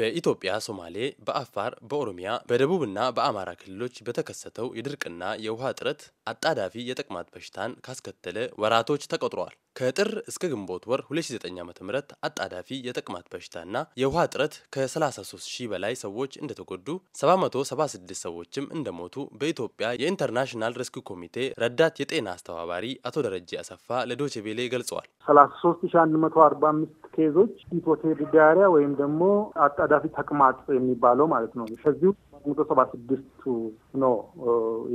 በኢትዮጵያ ሶማሌ፣ በአፋር፣ በኦሮሚያ፣ በደቡብና በአማራ ክልሎች በተከሰተው የድርቅና የውሃ እጥረት አጣዳፊ የጠቅማት በሽታን ካስከተለ ወራቶች ተቆጥረዋል። ከጥር እስከ ግንቦት ወር 2009 ዓ.ም አጣዳፊ የጠቅማት በሽታና የውሃ እጥረት ከ33 ሺህ በላይ ሰዎች እንደተጎዱ 776 ሰዎችም እንደሞቱ በኢትዮጵያ የኢንተርናሽናል ሬስኪ ኮሚቴ ረዳት የጤና አስተባባሪ አቶ ደረጀ አሰፋ ለዶቼ ቬሌ ገልጸዋል። 33145 ኬዞች ዲፖቴድ ዳሪያ ወይም ደግሞ አጣዳፊ ተቅማጥ የሚባለው ማለት ነው። ከዚሁ መቶ ሰባ ስድስቱ ነው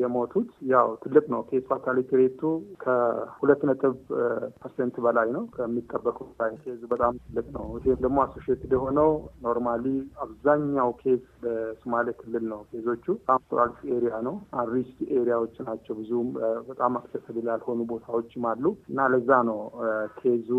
የሞቱት። ያው ትልቅ ነው ኬስ ፋታሊቲ ሬቱ ከሁለት ነጥብ ፐርሰንት በላይ ነው ከሚጠበቁ ላይ ኬዝ በጣም ትልቅ ነው። ይሄም ደግሞ አሶሽትድ የሆነው ኖርማሊ አብዛኛው ኬዝ በሶማሌ ክልል ነው። ኬዞቹ ሳምፖራል ኤሪያ ነው አሪስክ ኤሪያዎች ናቸው። ብዙም በጣም አክሰስብል ያልሆኑ ቦታዎችም አሉ እና ለዛ ነው ኬዙ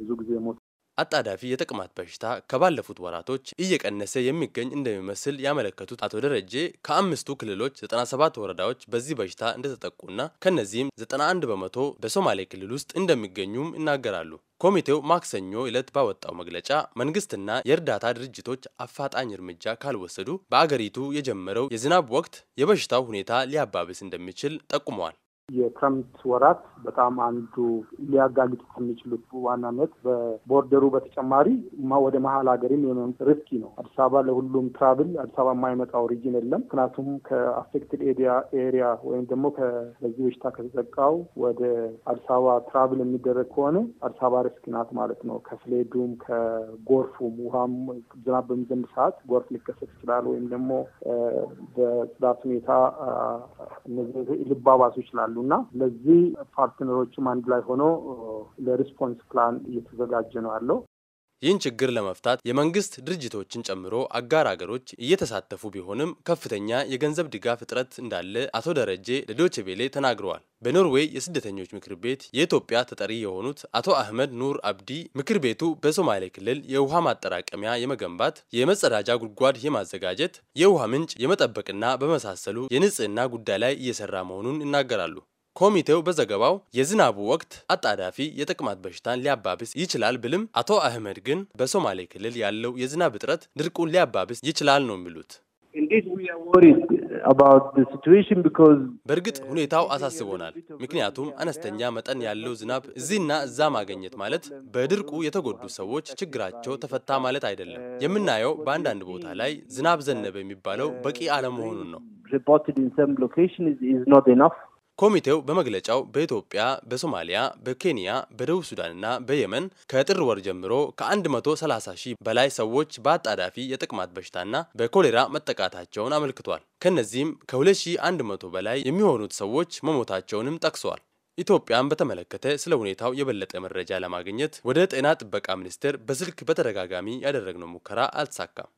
ብዙ ጊዜ ሞት አጣዳፊ የተቅማጥ በሽታ ከባለፉት ወራቶች እየቀነሰ የሚገኝ እንደሚመስል ያመለከቱት አቶ ደረጀ ከአምስቱ ክልሎች 97 ወረዳዎች በዚህ በሽታ እንደተጠቁና ከነዚህም 91 በመቶ በሶማሌ ክልል ውስጥ እንደሚገኙም ይናገራሉ። ኮሚቴው ማክሰኞ ዕለት ባወጣው መግለጫ መንግስትና የእርዳታ ድርጅቶች አፋጣኝ እርምጃ ካልወሰዱ በአገሪቱ የጀመረው የዝናብ ወቅት የበሽታው ሁኔታ ሊያባብስ እንደሚችል ጠቁመዋል። የክረምት ወራት በጣም አንዱ ሊያጋልጡ ከሚችሉት ዋናነት በቦርደሩ በተጨማሪ ወደ መሀል ሀገርም ሪስኪ ነው። አዲስ አበባ ለሁሉም ትራቭል አዲስ አበባ የማይመጣው ሪጅን የለም። ምክንያቱም ከአፌክትድ ኤሪያ ወይም ደግሞ ከዚህ በሽታ ከተጠቃው ወደ አዲስ አበባ ትራቭል የሚደረግ ከሆነ አዲስ አበባ ሪስኪ ናት ማለት ነው። ከፍሌዱም ከጎርፉም ውሃም ዝናብ በሚዘንብ ሰዓት ጎርፍ ሊከሰት ይችላል ወይም ደግሞ በጽዳት ሁኔታ እነዚህ ሊባባሱ ይችላሉ እና ለዚህ ፓርትነሮችም አንድ ላይ ሆኖ ለሪስፖንስ ፕላን እየተዘጋጀ ነው ያለው። ይህን ችግር ለመፍታት የመንግስት ድርጅቶችን ጨምሮ አጋር አገሮች እየተሳተፉ ቢሆንም ከፍተኛ የገንዘብ ድጋፍ እጥረት እንዳለ አቶ ደረጀ ለዶቼ ቬሌ ተናግረዋል። በኖርዌይ የስደተኞች ምክር ቤት የኢትዮጵያ ተጠሪ የሆኑት አቶ አህመድ ኑር አብዲ ምክር ቤቱ በሶማሌ ክልል የውሃ ማጠራቀሚያ የመገንባት፣ የመጸዳጃ ጉድጓድ የማዘጋጀት፣ የውሃ ምንጭ የመጠበቅና በመሳሰሉ የንጽህና ጉዳይ ላይ እየሰራ መሆኑን ይናገራሉ። ኮሚቴው በዘገባው የዝናቡ ወቅት አጣዳፊ የተቅማጥ በሽታን ሊያባብስ ይችላል ብልም አቶ አህመድ ግን በሶማሌ ክልል ያለው የዝናብ እጥረት ድርቁን ሊያባብስ ይችላል ነው የሚሉት። በእርግጥ ሁኔታው አሳስቦናል። ምክንያቱም አነስተኛ መጠን ያለው ዝናብ እዚህና እዛ ማግኘት ማለት በድርቁ የተጎዱ ሰዎች ችግራቸው ተፈታ ማለት አይደለም። የምናየው በአንዳንድ ቦታ ላይ ዝናብ ዘነበ የሚባለው በቂ አለመሆኑን ነው። ኮሚቴው በመግለጫው በኢትዮጵያ፣ በሶማሊያ፣ በኬንያ፣ በደቡብ ሱዳንና በየመን ከጥር ወር ጀምሮ ከ130 ሺህ በላይ ሰዎች በአጣዳፊ የጥቅማት በሽታና በኮሌራ መጠቃታቸውን አመልክቷል። ከነዚህም ከ2100 በላይ የሚሆኑት ሰዎች መሞታቸውንም ጠቅሰዋል። ኢትዮጵያን በተመለከተ ስለ ሁኔታው የበለጠ መረጃ ለማግኘት ወደ ጤና ጥበቃ ሚኒስቴር በስልክ በተደጋጋሚ ያደረግነው ሙከራ አልተሳካም።